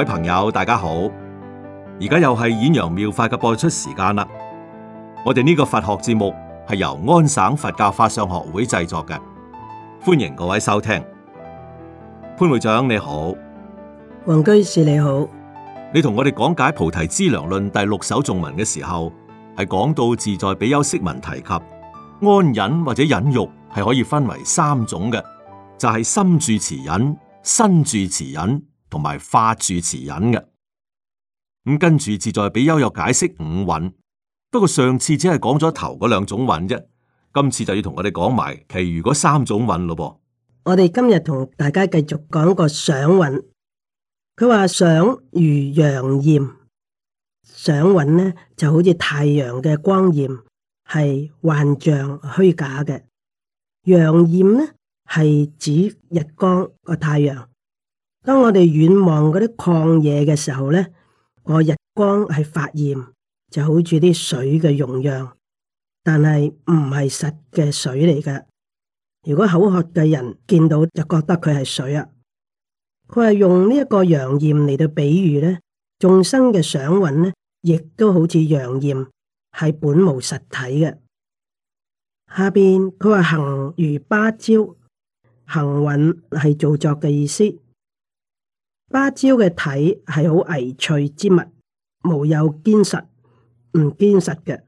各位朋友，大家好！而家又係《演揚妙法》嘅播出時間啦。我哋呢個佛學節目係由安省佛教法相學會製作嘅，歡迎各位收聽。潘會長你好，黃居士你好，你同我哋講解《菩提資糧論》第六首頌文嘅時候，係講到自在比丘釋文提及安忍或者忍辱，係可以分為三種嘅，就係、是、心住慈忍、身住慈忍。同埋花住詞人嘅咁，跟住自在俾優友解釋五蘊。不過上次只係講咗頭嗰兩種蘊啫，今次就要同我哋講埋其餘嗰三種蘊咯。噃，我哋今日同大家繼續講個想蘊。佢話想如陽焰，想蘊咧就好似太陽嘅光焰，係幻象虛假嘅。陽焰咧係指日光個太陽。當我哋遠望嗰啲曠野嘅時候咧，個日光係發炎，就好似啲水嘅容樣，但係唔係實嘅水嚟嘅。如果口渴嘅人見到就覺得佢係水啊。佢係用呢一個陽焰嚟到比喻咧眾生嘅想蘊咧，亦都好似陽焰係本無實體嘅。下邊佢話行如芭蕉，行蘊係造作嘅意思。芭蕉嘅體係好危脆之物，無有堅實，唔堅實嘅。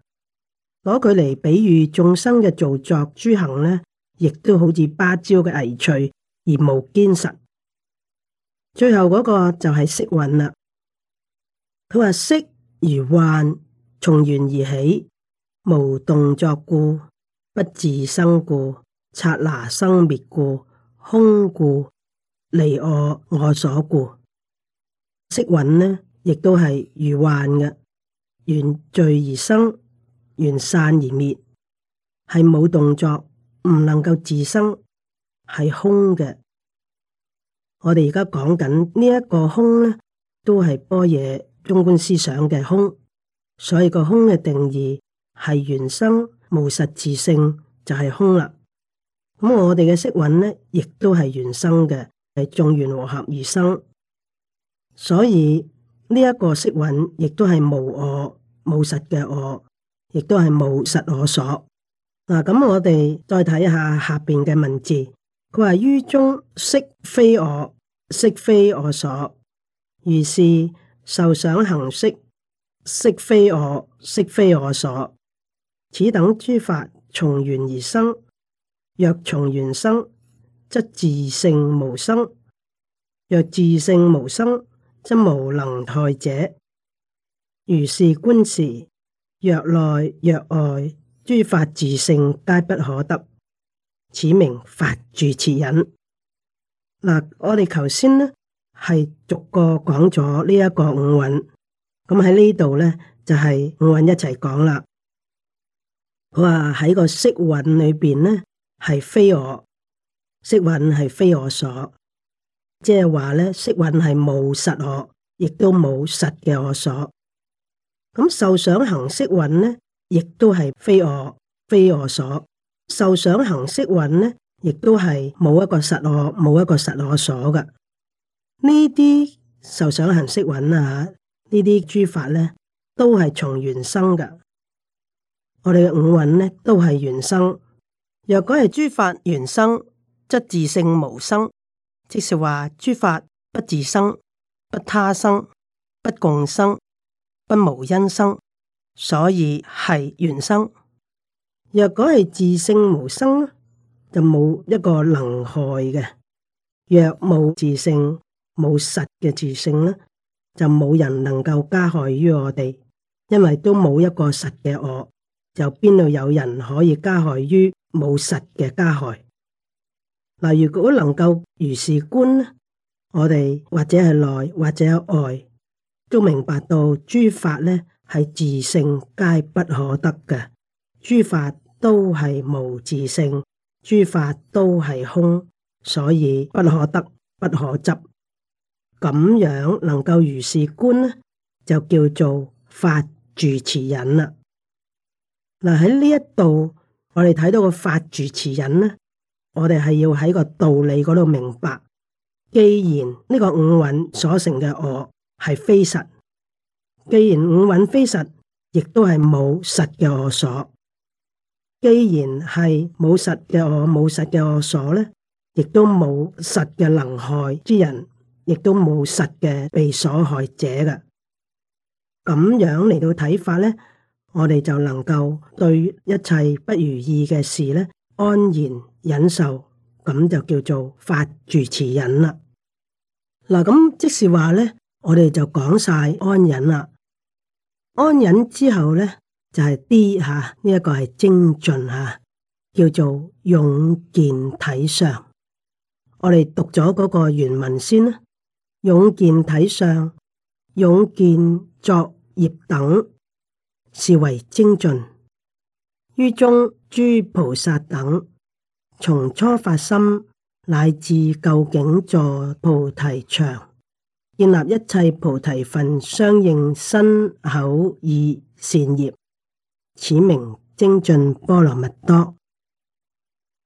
攞佢嚟比喻眾生嘅造作諸行呢，亦都好似芭蕉嘅危脆而無堅實。最後嗰個就係色蘊啦。佢話色如幻，從緣而起，無動作故，不自生故，剎那生滅故，空故。離我我所故，色蘊呢亦都係如幻嘅，緣聚而生，緣散而滅，係冇動作，唔能夠自生，係空嘅。我哋而家講緊呢一個空呢，都係般若中觀思想嘅空，所以個空嘅定義係緣生無實自性，就係、是、空啦。咁我哋嘅色蘊呢，亦都係緣生嘅。係眾緣和合而生，所以呢一、這個識蘊亦都係無我、無實嘅我，亦都係無實我所。嗱，咁我哋再睇一下下邊嘅文字，佢話於中識非我，識非我所，如是受想行識，識非我，識非我所，此等諸法從緣而生，若從緣生。則自性無生，若自性無生，則無能礙者。如是觀時，若內若外，諸法自性皆不可得。此名法住此隱。嗱，我哋頭先呢係逐個講咗呢一個五蘊，咁喺呢度呢，就係、是、五蘊一齊講啦。佢話喺個色蘊裏邊呢，係非我。色蘊係非我所，即係話咧，色蘊係冇實我，亦都冇實嘅我所。咁受想行識蘊呢，亦都係非我非我所。受想行識蘊呢，亦都係冇一個實我，冇一個實我所嘅。呢啲受想行識蘊啊，呢啲諸法呢，都係從緣生噶。我哋嘅五蘊呢，都係緣生。若果係諸法緣生。則自性無生，即是話諸法不自生，不他生，不共生，不無因生，所以係原生。若果係自性無生，就冇一個能害嘅；若冇自性冇實嘅自性咧，就冇人能夠加害於我哋，因為都冇一個實嘅我，就邊度有人可以加害於冇實嘅加害？嗱，如果能夠如是觀，我哋或者係內或者係外，都明白到諸法咧係自性皆不可得嘅，諸法都係無自性，諸法都係空，所以不可得，不可執。咁樣能夠如是觀咧，就叫做法住持忍啦。嗱，喺呢一度我哋睇到個法住持忍咧。我哋係要喺個道理嗰度明白，既然呢個五蘊所成嘅我係非實，既然五蘊非實，亦都係冇實嘅我所。既然係冇實嘅我，冇實嘅我所咧，亦都冇實嘅能害之人，亦都冇實嘅被所害者噶。咁樣嚟到睇法咧，我哋就能夠對一切不如意嘅事咧。安然忍受，咁就叫做法住持忍啦。嗱，咁即是話咧，我哋就講晒安忍啦。安忍之後咧，就係啲吓呢一個係精進吓、啊，叫做勇健體相。我哋讀咗嗰個原文先啦。勇健體相，勇健作業等，視為精進於中。諸菩薩等從初發心乃至究竟坐菩提場，建立一切菩提分相應身口意善業，此名精進波羅蜜多。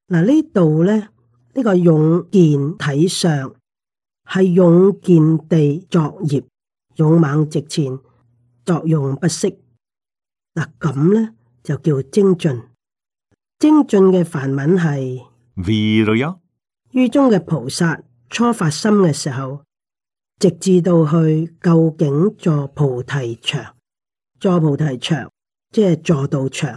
嗱、啊，呢度呢，呢、呢個勇健體上係勇健地作業，勇猛直前，作用不息。嗱、啊，咁呢，就叫精進。精進嘅梵文係 Virya。於中嘅菩薩初發心嘅時候，直至到去究竟坐菩提場，坐菩提場即係坐道場，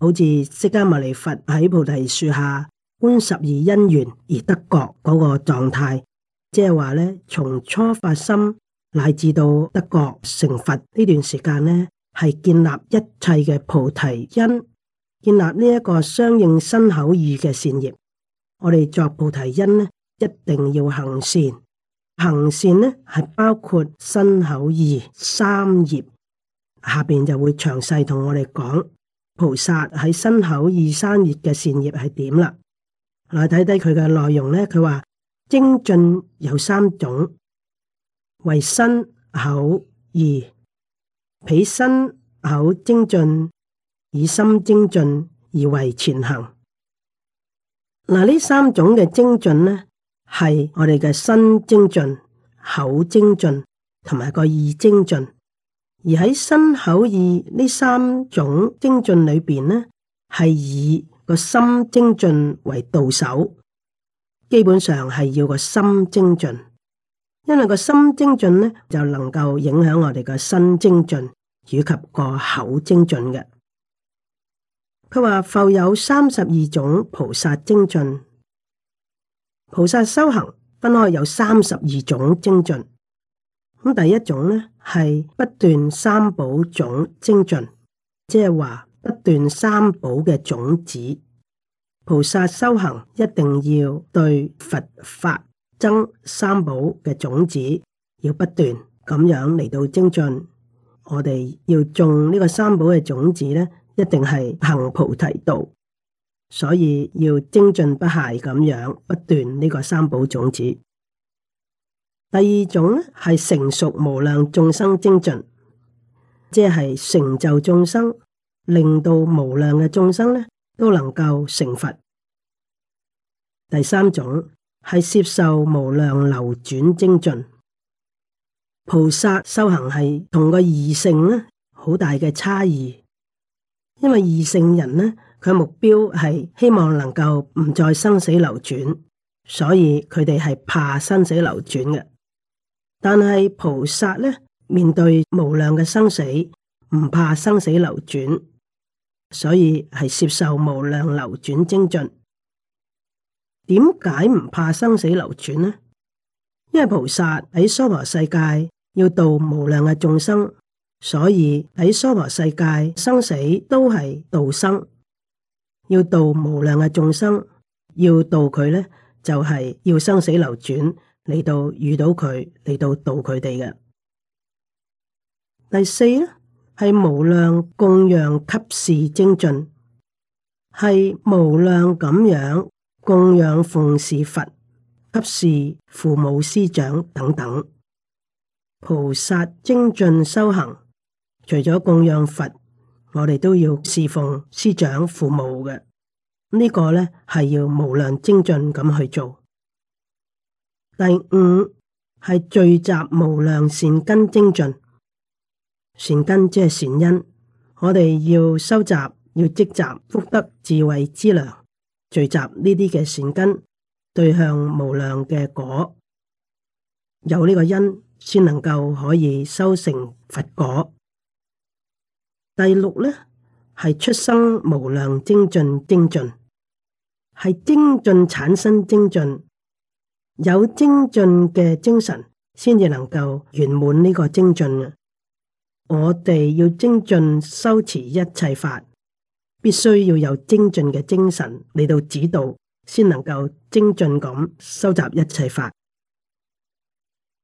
好似釋迦牟尼佛喺菩提樹下觀十二因緣而得覺嗰個狀態，即係話呢，從初發心乃至到得覺成佛呢段時間呢，係建立一切嘅菩提因。建立呢一個相應身口意嘅善業，我哋作菩提因咧，一定要行善。行善咧係包括身口意三業，下邊就會詳細同我哋講菩薩喺身口意三業嘅善業係點啦。來睇睇佢嘅內容呢，佢話精進有三種，為身口意，俾身口精進。以心精進而為前行。嗱，呢三種嘅精進呢，係我哋嘅心精進、口精進同埋個意精進。而喺心、口、意呢三種精進裏邊呢，係以個心精進為導首，基本上係要個心精進，因為個心精進呢，就能夠影響我哋嘅心精進以及個口精進嘅。佢話，佛有三十二種菩薩精進，菩薩修行分開有三十二種精進。咁第一種呢係不斷三寶種精進，即係話不斷三寶嘅種子。菩薩修行一定要對佛法、僧三寶嘅種子要不斷咁樣嚟到精進。我哋要種呢個三寶嘅種子呢。一定係行菩提道，所以要精進不懈咁樣，不斷呢個三寶種子。第二種咧係成熟無量眾生精進，即係成就眾生，令到無量嘅眾生咧都能夠成佛。第三種係攝受無量流轉精進，菩薩修行係同個二乘咧好大嘅差異。因為二乘人呢，佢目標係希望能夠唔再生死流轉，所以佢哋係怕生死流轉嘅。但係菩薩呢，面對無量嘅生死，唔怕生死流轉，所以係接受無量流轉精進。點解唔怕生死流轉呢？因為菩薩喺娑婆世界要度無量嘅眾生。所以喺娑婆世界，生死都係度生，要度無量嘅眾生，要度佢呢，就係要生死流轉嚟到遇到佢嚟到度佢哋嘅。第四呢，係無量供養，及是精進，係無量咁樣供養奉事佛，及是父母師長等等，菩薩精進修行。除咗供養佛，我哋都要侍奉師長、父母嘅。這個、呢個咧係要無量精進咁去做。第五係聚集無量善根精進，善根即係善因，我哋要收集、要積集福德、智慧之糧，聚集呢啲嘅善根，對向無量嘅果，有呢個因，先能夠可以修成佛果。第六咧係出生無量精進，精進係精進產生精進，有精進嘅精神先至能夠圓滿呢個精進嘅。我哋要精進修持一切法，必須要有精進嘅精神嚟到指導，先能夠精進咁收集一切法。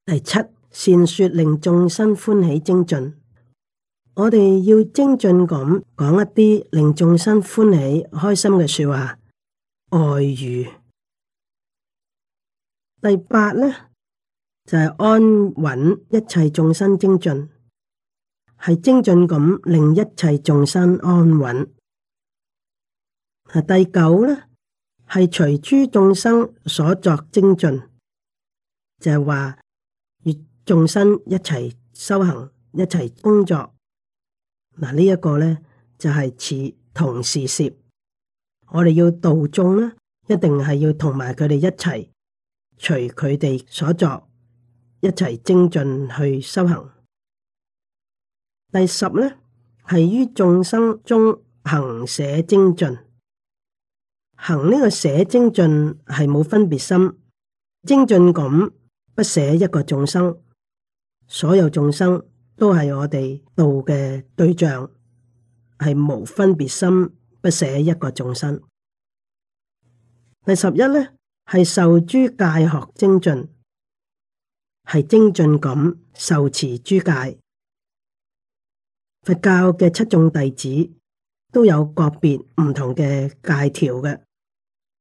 第七，善說令眾生歡喜精進。我哋要精進咁講一啲令眾生歡喜開心嘅說話，愛語。第八咧就係、是、安穩一切眾生精進，係精進咁令一切眾生安穩。啊，第九咧係隨諸眾生所作精進，就係、是、話與眾生一齊修行，一齊工作。嗱，呢一個咧就係、是、似同事攝，我哋要道眾咧，一定係要同埋佢哋一齊隨佢哋所作，一齊精進去修行。第十咧係於眾生中行捨精進，行呢個捨精進係冇分別心，精進咁不捨一個眾生，所有眾生。都係我哋道嘅對象，係無分別心，不捨一個眾生。第十一呢，係受諸戒學精進，係精進咁受持諸戒。佛教嘅七眾弟子都有個別唔同嘅戒條嘅，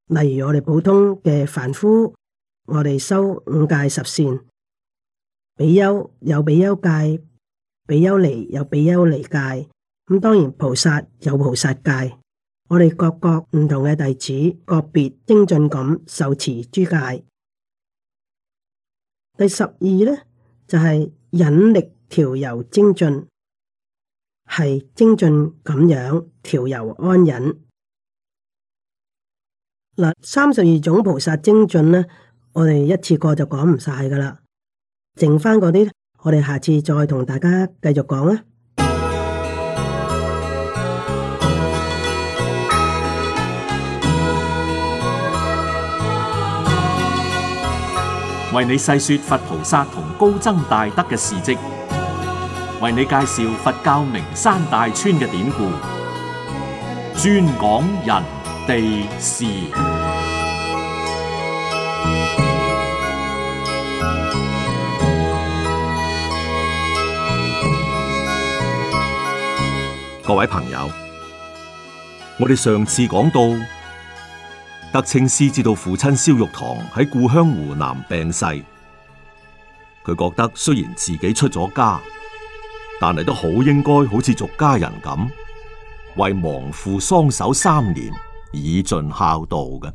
例如我哋普通嘅凡夫，我哋修五戒十善，比丘有比丘戒。比丘尼有比丘尼戒，咁當然菩薩有菩薩戒。我哋各國唔同嘅弟子，個別精進咁受持諸戒。第十二咧，就係、是、忍力調柔精進，係精進咁樣調柔安忍。嗱，三十二種菩薩精進咧，我哋一次過就講唔晒噶啦，剩翻嗰啲。我哋下次再同大家繼續講啦。為你細說佛菩薩同高僧大德嘅事跡，為你介紹佛教名山大川嘅典故，專講人地事。各位朋友，我哋上次講到，德清師知道父親蕭玉堂喺故鄉湖南病逝，佢覺得雖然自己出咗家，但係都好應該好似俗家人咁，為亡父喪守三年以盡孝道嘅。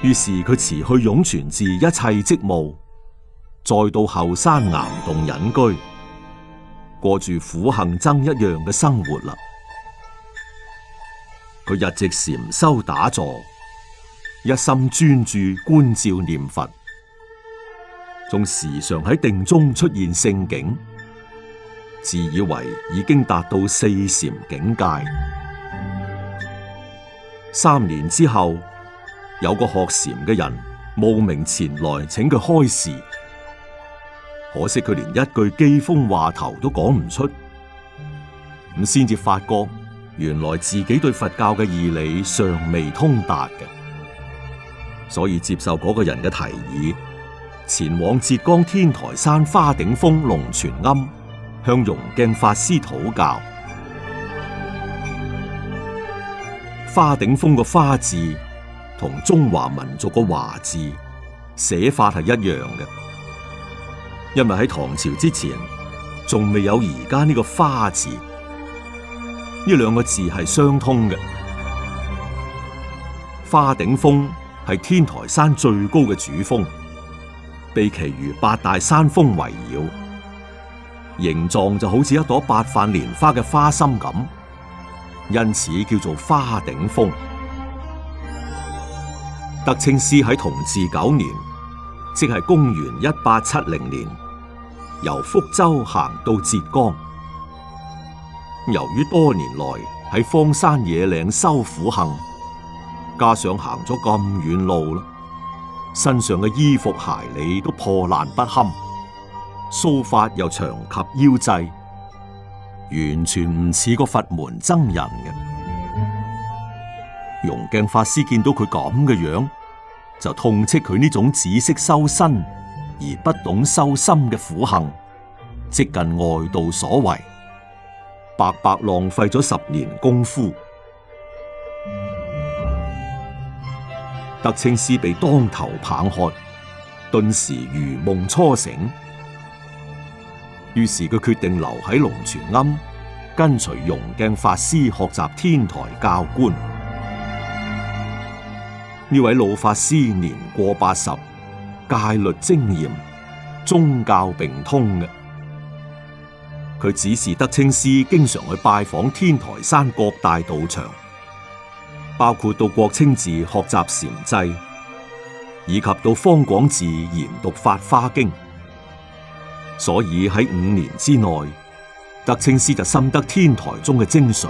於是佢辭去涌泉寺一切職務，再到後山岩洞隱居。過住苦行僧一樣嘅生活啦，佢日直禪修打坐，一心專注觀照念佛，仲時常喺定中出現聖境，自以為已經達到四禪境界。三年之後，有個學禪嘅人慕名前來請佢開示。可惜佢連一句機鋒話頭都講唔出，咁先至發覺原來自己對佛教嘅義理尚未通達嘅，所以接受嗰個人嘅提議，前往浙江天台山華頂峰龍泉庵向融鏡法師討教。華頂峰個華字同中華民族個華字寫法係一樣嘅。因為喺唐朝之前，仲未有而家呢個花字，呢兩個字係相通嘅。花頂峰係天台山最高嘅主峰，被其餘八大山峰圍繞，形狀就好似一朵八瓣蓮花嘅花心咁，因此叫做花頂峰。德清師喺同治九年，即係公元一八七零年。由福州行到浙江，由於多年來喺荒山野嶺修苦行，加上行咗咁遠路啦，身上嘅衣服鞋履都破爛不堪，鬚髮，又長及腰際，完全唔似個佛門僧人嘅。容鏡法師見到佢咁嘅樣，就痛斥佢呢種紫色修身。而不懂修心嘅苦行，即近外道所為，白白浪費咗十年功夫。德清師被當頭棒喝，頓時如夢初醒。於是佢決定留喺龍泉庵，跟隨融鏡法師學習天台教觀。呢位老法師年過八十。戒律精嚴，宗教並通嘅。佢指示德清師經常去拜訪天台山各大道場，包括到國清寺學習禪制，以及到方廣寺研讀《法花經》。所以喺五年之內，德清師就深得天台宗嘅精髓。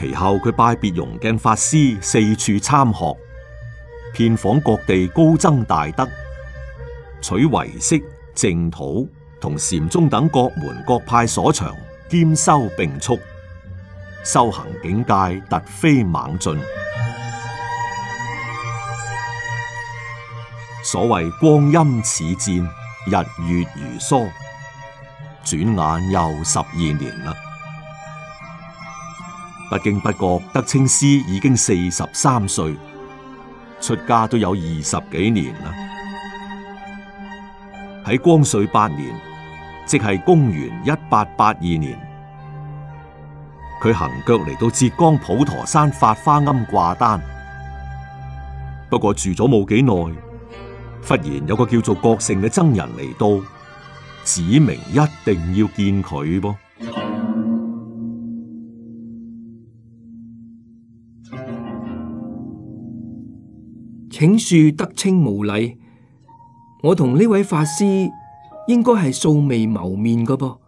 其後，佢拜別容鏡法師，四處參學，遍訪各地高僧大德，取唯識、淨土同禪宗等各門各派所長，兼修並蓄，修行境界突飛猛進。所謂光陰似箭，日月如梭，轉眼又十二年啦。不經不覺，德清師已經四十三歲，出家都有二十幾年啦。喺光緒八年，即係公元一八八二年，佢行腳嚟到浙江普陀山法華庵掛單。不過住咗冇幾耐，忽然有個叫做郭盛嘅僧人嚟到，指明一定要見佢噃。請恕德清無禮，我同呢位法師應該係素未謀面㗎噃，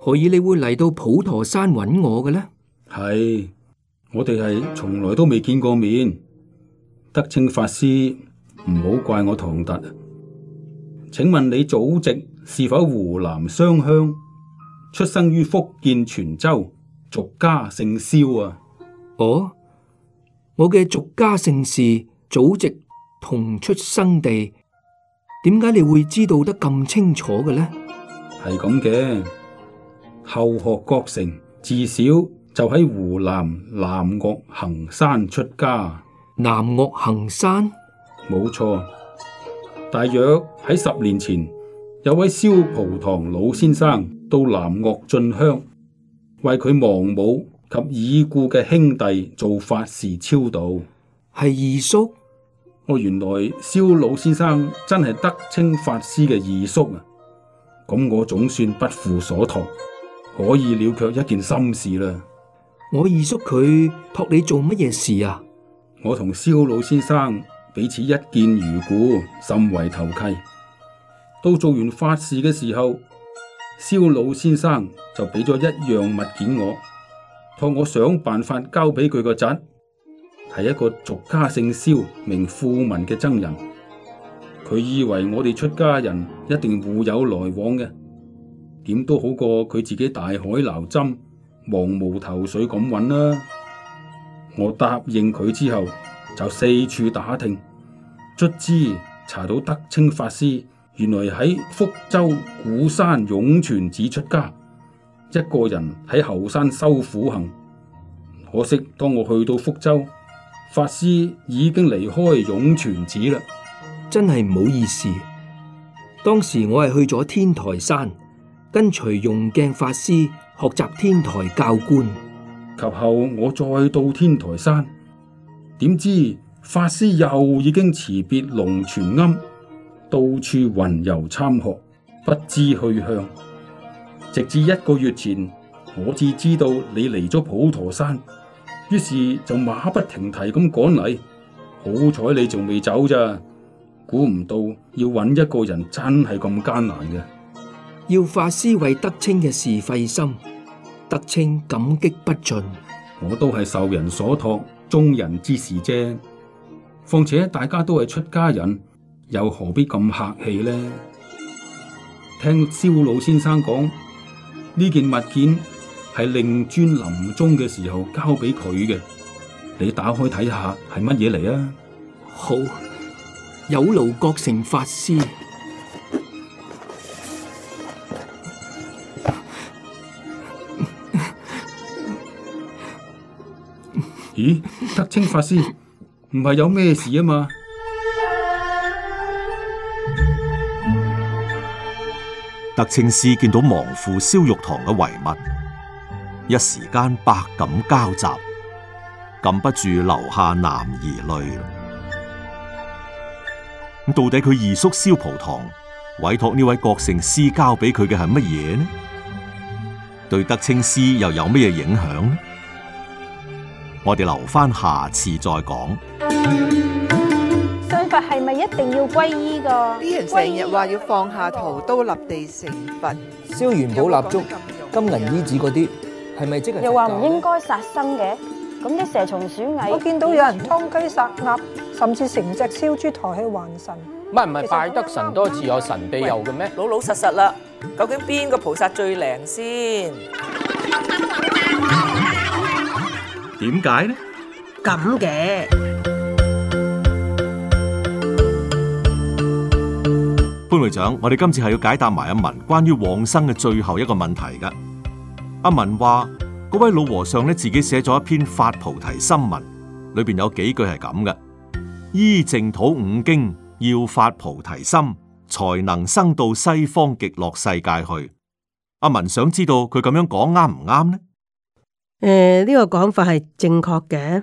何以你會嚟到普陀山揾我嘅呢？係，我哋係從來都未見過面，德清法師，唔好怪我唐突。請問你祖籍是否湖南湘鄉？出生於福建泉州，俗家姓蕭啊？哦。Oh? 我嘅族家姓氏，祖籍同出生地，點解你會知道得咁清楚嘅咧？係咁嘅，後學國成至少就喺湖南南岳衡山出家。南岳衡山，冇錯。大約喺十年前，有位蕭蒲堂老先生到南岳進香，為佢亡母，及已故嘅兄弟做法事超度，係二叔。我、哦、原來肖老先生真係德清法師嘅二叔啊！咁我總算不負所託，可以了卻一件心事啦。我二叔佢託你做乜嘢事啊？我同肖老先生彼此一見如故，甚為投契。到做完法事嘅時候，肖老先生就俾咗一樣物件我。託我想辦法交俾佢個侄，係一個俗家姓蕭名富民嘅僧人。佢以為我哋出家人一定互有來往嘅，點都好過佢自己大海撈針、茫無頭緒咁揾啦。我答應佢之後，就四處打聽，卒之查到德清法師原來喺福州鼓山湧泉寺出家。一個人喺後山修苦行，可惜當我去到福州，法師已經離開湧泉寺啦，真係唔好意思。當時我係去咗天台山，跟隨用鏡法師學習天台教觀。及後我再到天台山，點知法師又已經辭別龍泉庵，到處雲遊參學，不知去向。直至一個月前，我只知道你嚟咗普陀山，於是就馬不停蹄咁趕嚟。好彩你仲未走咋，估唔到要搵一個人真係咁艱難嘅。要法師為德清嘅事費心，德清感激不盡。我都係受人所託，忠人之事啫。況且大家都係出家人，又何必咁客氣呢？聽蕭老先生講。呢件物件係令尊臨終嘅時候交俾佢嘅，你打開睇下係乜嘢嚟啊？好，有勞覺成法師。 咦，德清法師，唔係有咩事啊嘛？德清師見到亡父蕭玉堂嘅遺物，一時間百感交集，禁不住流下男兒淚。咁到底佢二叔蕭葡堂委託呢位郭姓師交俾佢嘅係乜嘢呢？對德清師又有咩影響呢？我哋留翻下次再講。係咪一定要皈依㗎？啲人成日話要放下屠刀立地成佛，燒元寶蠟燭、金銀衣紙嗰啲，係咪即係？又話唔應該殺生嘅，咁啲蛇蟲鼠蟻，我見到有人劏雞殺鴨，甚至成隻燒豬抬去還神。唔係唔係，拜得神多自有神庇佑嘅咩？老老實實啦，究竟邊個菩薩最靈先？點解呢？咁嘅。關會長，我哋今次係要解答埋阿文關於往生嘅最後一個問題㗎。阿文話：嗰位老和尚咧，自己寫咗一篇發菩提心文，裏邊有幾句係咁嘅：依淨土五經要發菩提心，才能生到西方極樂世界去。阿文想知道佢咁樣講啱唔啱呢？誒、呃，呢個講法係正確嘅。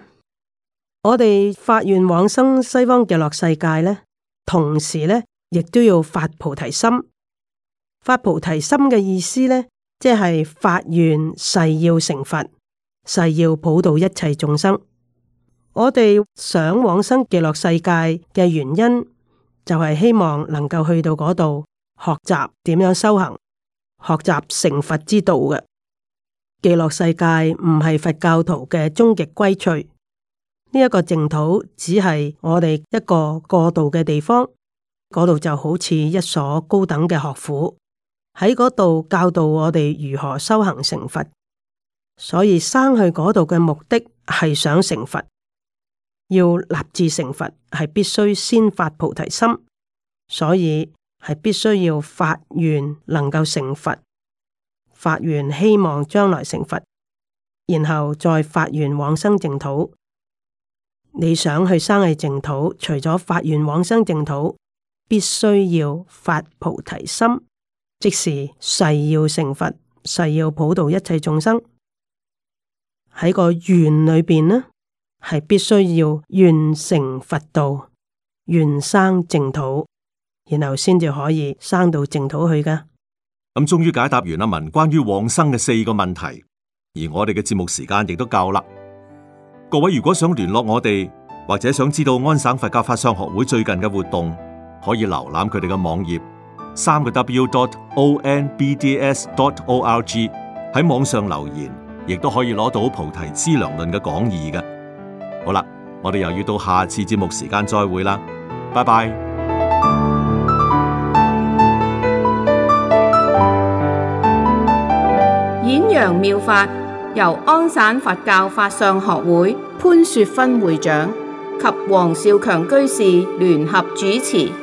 我哋發願往生西方極樂世界咧，同時咧。亦都要發菩提心，發菩提心嘅意思呢，即係發願誓要成佛，誓要普渡一切眾生。我哋想往生極樂世界嘅原因，就係希望能夠去到嗰度學習點樣修行，學習成佛之道嘅。極樂世界唔係佛教徒嘅終極歸趣，呢一個淨土只係我哋一個過渡嘅地方。嗰度就好似一所高等嘅學府，喺嗰度教導我哋如何修行成佛。所以生去嗰度嘅目的係想成佛，要立志成佛係必須先發菩提心，所以係必須要發願能夠成佛，發願希望將來成佛，然後再發願往生淨土。你想去生喺淨土，除咗發願往生淨土，必須要發菩提心，即是誓要成佛，誓要普渡一切眾生，喺個願裏邊呢，係必須要完成佛道，願生淨土，然後先至可以生到淨土去嘅。咁、嗯、終於解答完阿文關於往生嘅四個問題，而我哋嘅節目時間亦都夠啦。各位如果想聯絡我哋，或者想知道安省佛教法商學會最近嘅活動。可以瀏覽佢哋嘅網頁，三個 w dot onbds dot org，喺網上留言，亦都可以攞到《菩提資糧論》嘅講義嘅。好啦，我哋又要到下次節目時間再會啦，拜拜。演揚妙法由安省佛教法相學會潘雪芬會長及黃少強居士聯合主持。